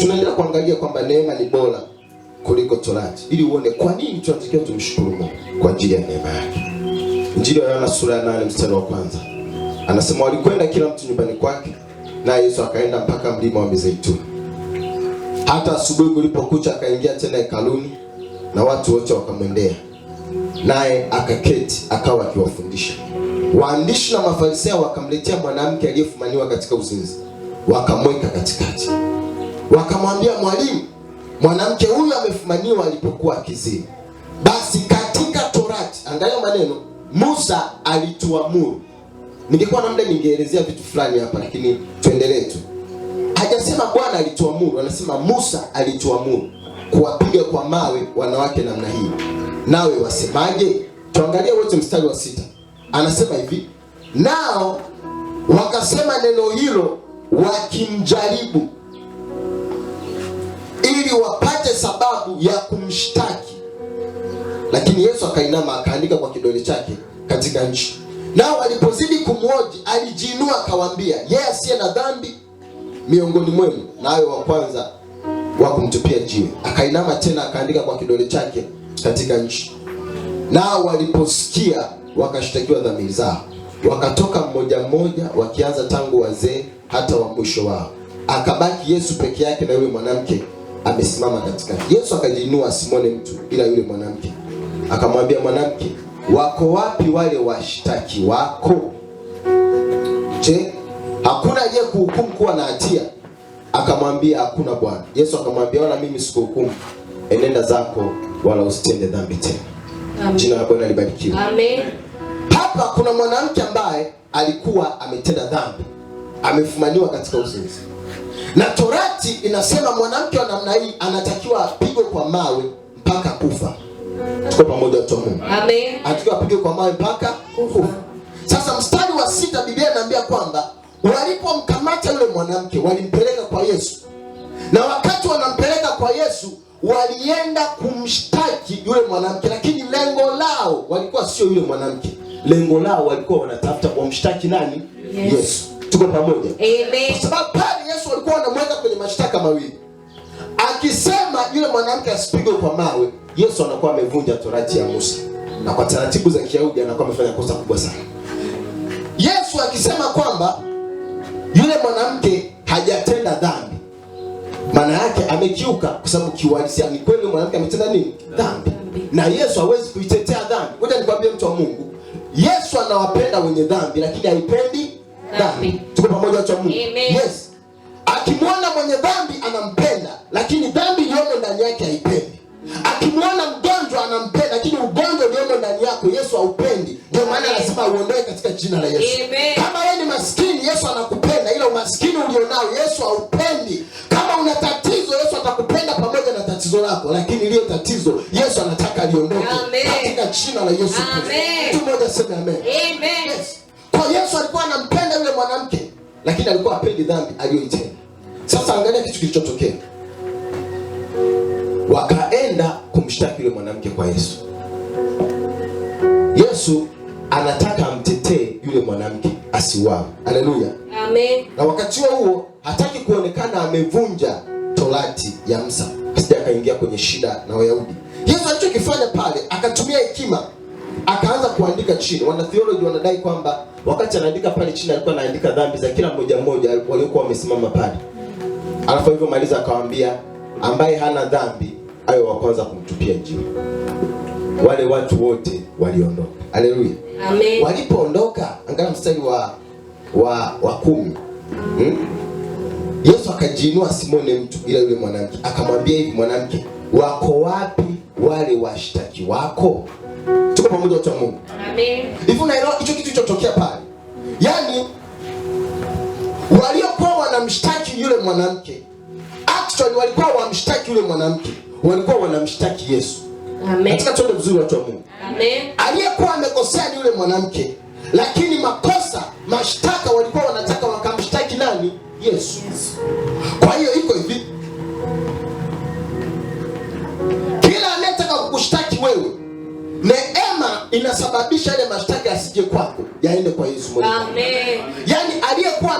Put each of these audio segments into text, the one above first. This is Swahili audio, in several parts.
Tunaendelea kuangalia kwamba neema ni bora kuliko torati, ili uone kwa nini tunatakiwa tumshukuru Mungu kwa ajili ya neema yake. Injili ya Yohana sura ya 8 mstari wa kwanza anasema, walikwenda kila mtu nyumbani kwake, naye Yesu akaenda mpaka mlima wa Mizeituni. Hata asubuhi kulipokucha, akaingia tena hekaluni na watu wote wakamwendea, naye akaketi, akawa akiwafundisha. Waandishi na Mafarisayo wakamletea mwanamke aliyefumaniwa katika uzinzi, wakamweka katikati Wakamwambia, mwalimu, mwanamke huyu amefumaniwa alipokuwa kizini Basi katika Torati, angalia maneno Musa alituamuru. Ningekuwa na muda ningeelezea vitu fulani hapa, lakini tuendelee tu. Hajasema Bwana alituamuru, anasema Musa alituamuru kuwapiga kwa mawe wanawake namna hii, nawe wasemaje? Tuangalie wote mstari wa sita, anasema hivi, nao wakasema neno hilo wakimjaribu ili wapate sababu ya kumshtaki. Lakini Yesu akainama akaandika kwa kidole chake katika nchi. Nao walipozidi kumwoji alijiinua akawaambia, yeye yeah, asiye na dhambi miongoni mwenu na awe wa kwanza wa kumtupia jiwe. Akainama tena akaandika kwa kidole chake katika nchi. Nao waliposikia wakashtakiwa dhamiri zao, wakatoka mmoja mmoja, wakianza tangu wazee hata wa mwisho wao. Akabaki Yesu peke yake na yule mwanamke amesimama katikati. Yesu akajiinua asimwone mtu ila yule mwanamke, akamwambia mwanamke, wako wapi wale washtaki wako? Je, hakuna je kuhukumu kuwa na hatia? Akamwambia hakuna Bwana. Yesu akamwambia wala mimi sikuhukumu, enenda zako, wala usitende dhambi tena. Amen. Jina la Bwana libarikiwe. Amen. Hapa kuna mwanamke ambaye alikuwa ametenda dhambi, amefumaniwa katika uzinzi na Torati inasema mwanamke wa namna hii anatakiwa apigwe kwa mawe mpaka kufa. Tuko pamoja tu Mungu. Amen. Anatakiwa apigwe kwa mawe mpaka kufa. Sasa mstari wa sita Biblia inaambia kwamba walipomkamata yule mwanamke walimpeleka kwa Yesu, na wakati wanampeleka kwa Yesu walienda kumshtaki yule mwanamke, lakini lengo lao walikuwa sio yule mwanamke. Lengo lao walikuwa wanatafuta kumshtaki nani? Yes. Yesu. Tuko pamoja, amen. Kwa sababu alikuwa anamweka kwenye mashtaka mawili. Akisema yule mwanamke asipigwe kwa mawe, Yesu anakuwa amevunja torati ya Musa, na kwa taratibu za Kiyahudi anakuwa amefanya kosa kubwa sana. Yesu akisema kwamba yule mwanamke hajatenda dhambi, maana yake amekiuka, kwa sababu kiuhalisia ni kweli mwanamke ametenda nini? Dhambi. Na Yesu hawezi kuitetea dhambi. Ngoja nikwambie mtu wa Mungu, Yesu anawapenda wenye dhambi, lakini haipendi dhambi. Tuko pamoja watu wa Mungu? Yes akimwona mwenye dhambi anampenda, lakini dhambi iliyomo ndani yake haipendi. Akimwona mgonjwa anampenda, lakini ugonjwa uliomo ndani yako Yesu haupendi. Ndio maana anasema uondoe katika jina la Yesu. Amen. Kama wee ni maskini, Yesu anakupenda, ila umaskini ulionao Yesu haupendi. Kama una tatizo, Yesu atakupenda pamoja na tatizo lako, lakini iliyo tatizo Yesu anataka aliondoke katika jina la Yesu. Mtu mmoja aseme amen. Amen. Yes. Kwa Yesu alikuwa anampenda yule mwanamke, lakini alikuwa apendi dhambi aliyoitenda. Sasa angalia kitu kilichotokea, wakaenda kumshtaki yule mwanamke kwa Yesu. Yesu anataka amtetee yule mwanamke asiuawe. Haleluya, amen. Na wakati huo huo hataki kuonekana amevunja torati ya Musa, asije akaingia kwenye shida na Wayahudi. Yesu alichokifanya pale, akatumia hekima akaanza kuandika chini. Wana theology wanadai kwamba wakati anaandika pale chini alikuwa anaandika dhambi za kila mmoja mmoja waliokuwa wamesimama pale alafu hivyo maliza akawambia, ambaye hana dhambi ayo wa kwanza kumtupia jiwe. Wale watu wote waliondoka. Haleluya, amen. Walipoondoka, angalia mstari wa wa, wa kumi. Hmm? Yesu akajiinua simone mtu ila yule mwanamke akamwambia hivi, mwanamke, wako wapi wale washtaki wako? Tuko pamoja watu wa Mungu, amen. Hivi unaelewa hicho kitu kilichotokea pale, yaani walio wanamshtaki yule mwanamke, actually walikuwa wamshtaki yule mwanamke, walikuwa wanamshtaki Yesu. Amen. Katika twende vizuri, watu wa Mungu. Amen. Aliyekuwa amekosea ni yule mwanamke, lakini makosa, mashtaka walikuwa wanataka wakamshtaki nani? Yesu. Kwa hiyo iko hivi, kila anayetaka kukushtaki wewe, neema inasababisha ile mashtaka yasije kwako, yaende kwa Yesu mwenyewe. Amen. Yaani aliyekuwa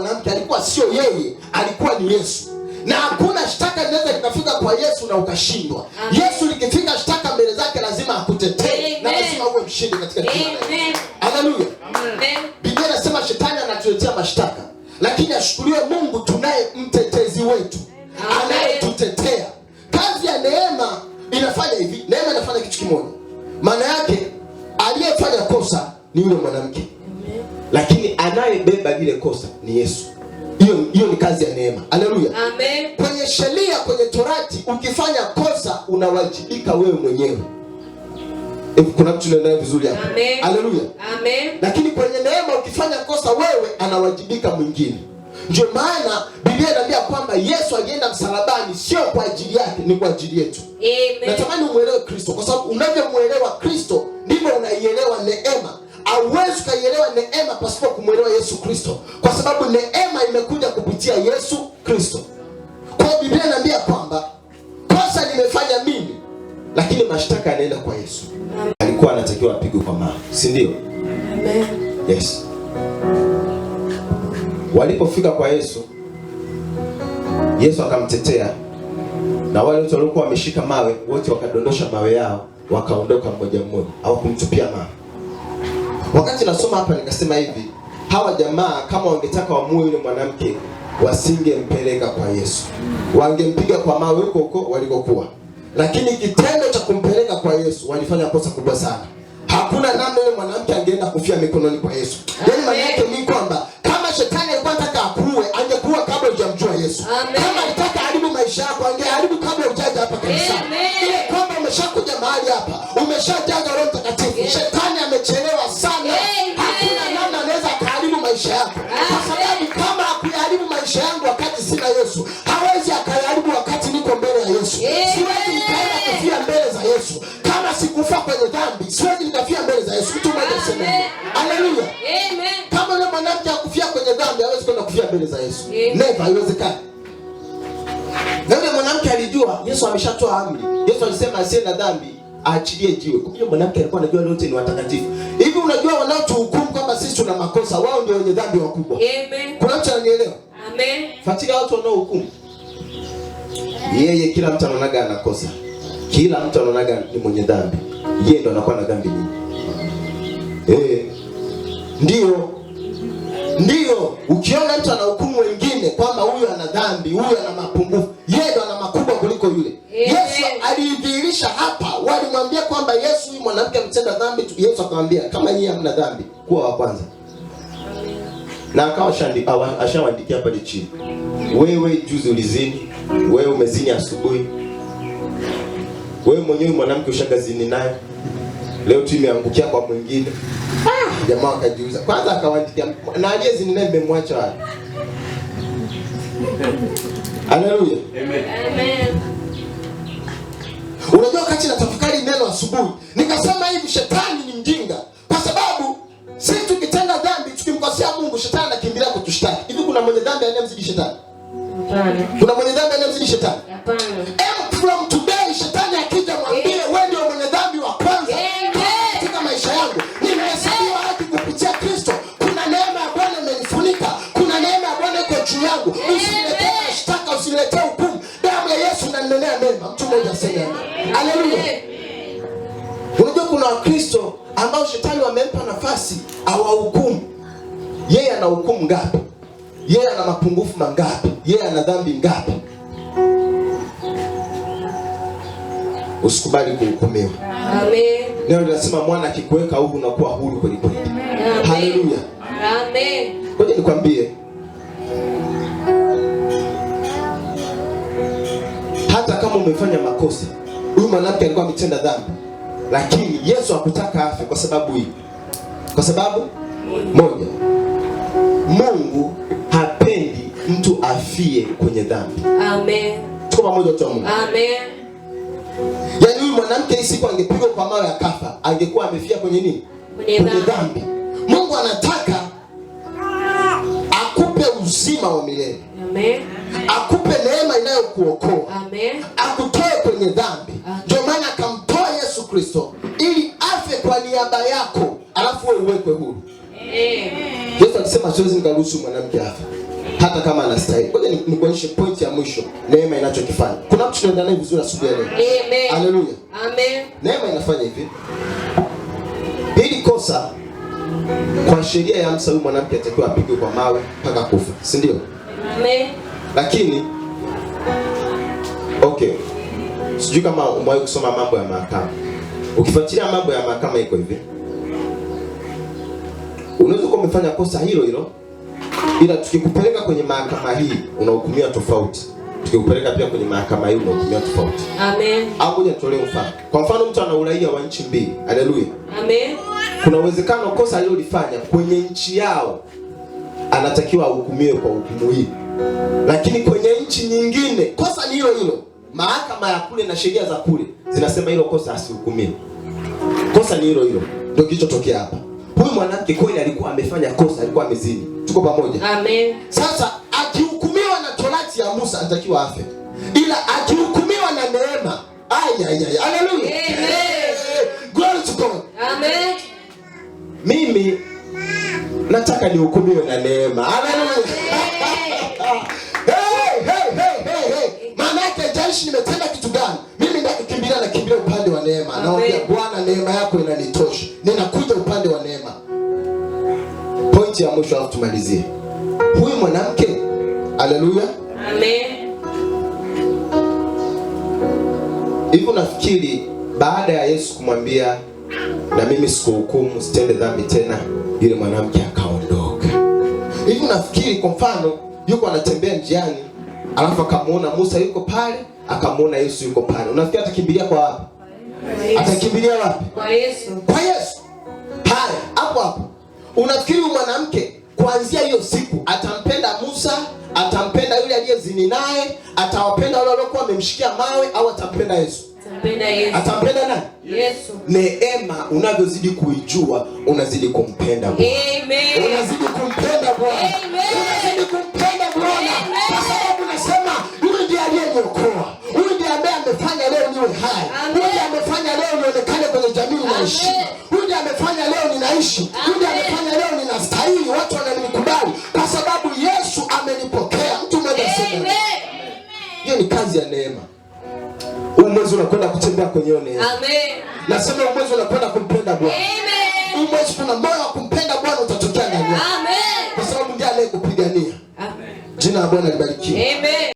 mwanamke alikuwa sio yeye, alikuwa ni Yesu, na hakuna shtaka inaweza likafika kwa Yesu na ukashindwa. Yesu likifika shtaka mbele zake, lazima akutetee na lazima uwe mshindi katika jina la Yesu. Haleluya! Biblia inasema shetani anatuletea mashtaka, lakini ashukuriwe Mungu, tunaye mtetezi wetu anayetutetea. Kazi ya neema inafanya hivi, neema inafanya kitu kimoja, maana yake aliyefanya kosa ni yule mwanamke lakini anayebeba lile kosa ni Yesu. Hiyo hiyo ni kazi ya neema. Haleluya, amen. Kwenye sheria, kwenye torati, ukifanya kosa unawajibika wewe mwenyewe. Kuna mtu naendaye vizuri hapa. Haleluya, amen. Lakini kwenye neema, ukifanya kosa wewe, anawajibika mwingine. Ndio maana Biblia inaambia kwamba Yesu alienda msalabani sio kwa ajili yake, ni kwa ajili yetu. Amen. Natamani umuelewe Kristo, kwa sababu unavyomuelewa Kristo ndivyo unaielewa neema Hauwezi ukaielewa neema pasipo kumwelewa Yesu Kristo, kwa sababu neema imekuja kupitia Yesu Kristo. Kwa Biblia inaambia kwamba kosa nimefanya mimi, lakini mashtaka yanaenda kwa Yesu. Alikuwa anatakiwa apigwe kwa maa sindio Amen. Yes. Walipofika kwa Yesu, Yesu akamtetea na wale wote waliokuwa wameshika mawe wote wakadondosha mawe yao, wakaondoka mmoja mmoja, kumtupia mawe. Wakati nasoma hapa nikasema hivi, hawa jamaa kama wangetaka wamue yule mwanamke wasingempeleka kwa Yesu, wangempiga kwa mawe huko huko walikokuwa. Lakini kitendo cha kumpeleka kwa Yesu walifanya kosa kubwa sana. Hakuna namna yule mwanamke angeenda kufia mikononi kwa Yesu. Yaani maana yake ni kwamba kama shetani alikuwa anataka akuue, angekuwa kabla hujamjua Yesu. Amen. Kama alitaka haribu maisha yako, angeharibu kabla hujaja hapa kanisani. Ile kwamba umeshakuja mahali hapa, umeshajaga Roho Mtakatifu. Shetani Amen. Haleluya. Amen. Kama yule mwanamke hakufia kwenye dhambi, hawezi kwenda kufia mbele za Yesu. Never, haiwezekani. Na yule mwanamke alijua Yesu ameshatoa amri. Yesu alisema asiye na dhambi aachilie jiwe. Kwa hiyo mwanamke alikuwa anajua wote ni watakatifu. Hivi unajua wanaotuhukumu kama sisi tuna makosa, wao ndio wenye dhambi wakubwa. Amen. Kuna mtu ananielewa? Amen. Fuatilia watu wanaohukumu. Yeye kila mtu anaonaga anakosa. Kila mtu anaonaga ni mwenye dhambi. Yeye ndo anakuwa na dhambi nyingi. Eh, ndio ndio, ukiona mtu hukumu wengine kwamba huyu ana dhambi, huyu ana mapungufu, yeye ndo ana makubwa kuliko yule. Yesu alidhihirisha hapa, walimwambia kwamba Yesu huyu mwanamke mtenda dhambi. Yesu akamwambia kama yeye hamna dhambi, kuwa wa kwanza na akawa ashawaandikia pale chini, wewe juzi ulizini, wewe umezini asubuhi, wewe mwenyewe mwanamke ushagazini naye Leo timu imeangukia kwa mwingine. Ah, jamaa akajiuza. Kwanza akawaandikia na aliyezi ninaye nimemwacha wapi? Haleluya. Amen. Amen. Unajua wakati natafakari neno asubuhi, nikasema hivi shetani ni mjinga. Kwa sababu sisi tukitenda dhambi, tukimkosea Mungu, shetani anakimbilia kutushtaki. Hivi kuna mwenye dhambi anayemzidi shetani? Hapana. Kuna mwenye dhambi anayemzidi shetani? Hapana. sema, mtu mmoja aseme Haleluya! Unajua kuna Wakristo ambao shetani wamempa nafasi awahukumu yeye. Ana hukumu ngapi? Yeye ana mapungufu mangapi? Yeye ana dhambi ngapi? Usikubali kuhukumiwa. Amen. Neno linasema mwana akikuweka huru unakuwa huru kweli kweli. Haleluya. Amen. Ngoja nikwambie umefanya makosa. Huyu mwanamke alikuwa ametenda dhambi, lakini Yesu hakutaka afe kwa sababu hii, kwa sababu moja, Mungu hapendi mtu afie kwenye dhambi. Amen. Tuko pamoja tu Mungu. Amen. Yaani huyu mwanamke hii siku angepigwa kwa mawe akafa, angekuwa amefia kwenye nini? Kwenye dhambi. Mungu anataka akupe uzima wa milele. Akupe neema inayokuokoa. Akutoe kwenye dhambi. Ndio maana akamtoa Yesu Kristo ili afe kwa niaba yako, alafu we uwekwe huru. Yesu akisema siwezi nikaruhusu mwanamke afa hata kama anastahili. oja nikuonyeshe pointi ya mwisho neema inachokifanya. Kuna mtu tunaenda naye vizuri asubuhi leo. aleluya Neema inafanya hivi. Hili kosa kwa sheria ya msa huyu mwanamke atakiwa apigwe kwa mawe mpaka kufa, si ndio? Amen. Lakini okay, sijui kama umewahi kusoma mambo ya mahakama. Ukifuatilia mambo ya mahakama iko hivi, unaweza kuwa umefanya kosa hilo hilo, ila tukikupeleka kwenye mahakama hii unahukumiwa tofauti, tukikupeleka pia kwenye mahakama hii unahukumiwa tofauti. Amen. Au kuja tutolee mfano. Kwa mfano, mtu ana uraia wa nchi mbili. Haleluya. Amen. Kuna uwezekano kosa alilofanya kwenye nchi yao anatakiwa ahukumiwe kwa hukumu hii, lakini kwenye nchi nyingine kosa ni hilo hilo. Mahakama ya kule na sheria za kule zinasema hilo kosa asihukumiwe. Kosa ni hilo hilo, ndio kilichotokea hapa. Huyu mwanamke kweli alikuwa amefanya kosa, alikuwa amezini. Tuko pamoja? Amen. Sasa akihukumiwa na torati ya Musa anatakiwa afe, ila akihukumiwa na neema Haleluya. Amen. Glory to God. Amen. Mimi nataka nihukumiwe na neema. Maana yake jaishi, nimetenda kitu gani? Mimi nakukimbilia, nakimbilia upande wa neema. Naomba Bwana, neema yako inanitosha, ninakuja upande wa neema. Pointi ya mwisho, alafu tumalizie huyu mwanamke. Haleluya, amen. Hivi nafikiri baada ya Yesu kumwambia na mimi sikuhukumu, sitende dhambi tena. Yule mwanamke akaondoka. Hivi nafikiri kwa mfano, yuko anatembea njiani, alafu akamuona Musa yuko pale, akamuona Yesu yuko pale, unafikiri atakimbilia kwa wapi? Atakimbilia wapi? Kwa Yesu, kwa Yesu. pale hapo hapo, unafikiri mwanamke kuanzia hiyo siku atampenda Musa, atampenda yule aliyezini naye, atawapenda wale waliokuwa wamemshikia mawe, au atampenda Yesu? atampenda Yesu. Atampenda nani? Yesu. Neema unavyozidi kuijua unazidi kumpenda Bwana. Amen. Unazidi kumpenda Bwana. Amen. Unazidi kumpenda Bwana. Kwa sababu unasema yule ndiye aliyeniokoa. Yule ndiye ambaye amefanya leo niwe hai. Yule ndiye amefanya leo nionekane kwenye jamii na naishi. Yule ndiye amefanya leo ninaishi. Yule ndiye amefanya leo ninastahili watu wananikubali kwa sababu Yesu amenipokea. Mtu mmoja asema. Hiyo ni kazi ya neema mwezi unakwenda kutembea kwenye neema. Amen. Nasema mwezi unakwenda kumpenda Bwana. Amen. Mwezi kuna moyo wa kumpenda Bwana utatokea ndani yako. Amen. Kwa sababu ndiye anayekupigania. Amen. Jina la Bwana libarikiwe. Amen.